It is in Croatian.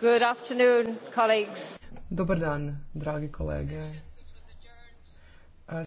Good afternoon, colleagues. Dobar dan, dragi kolege.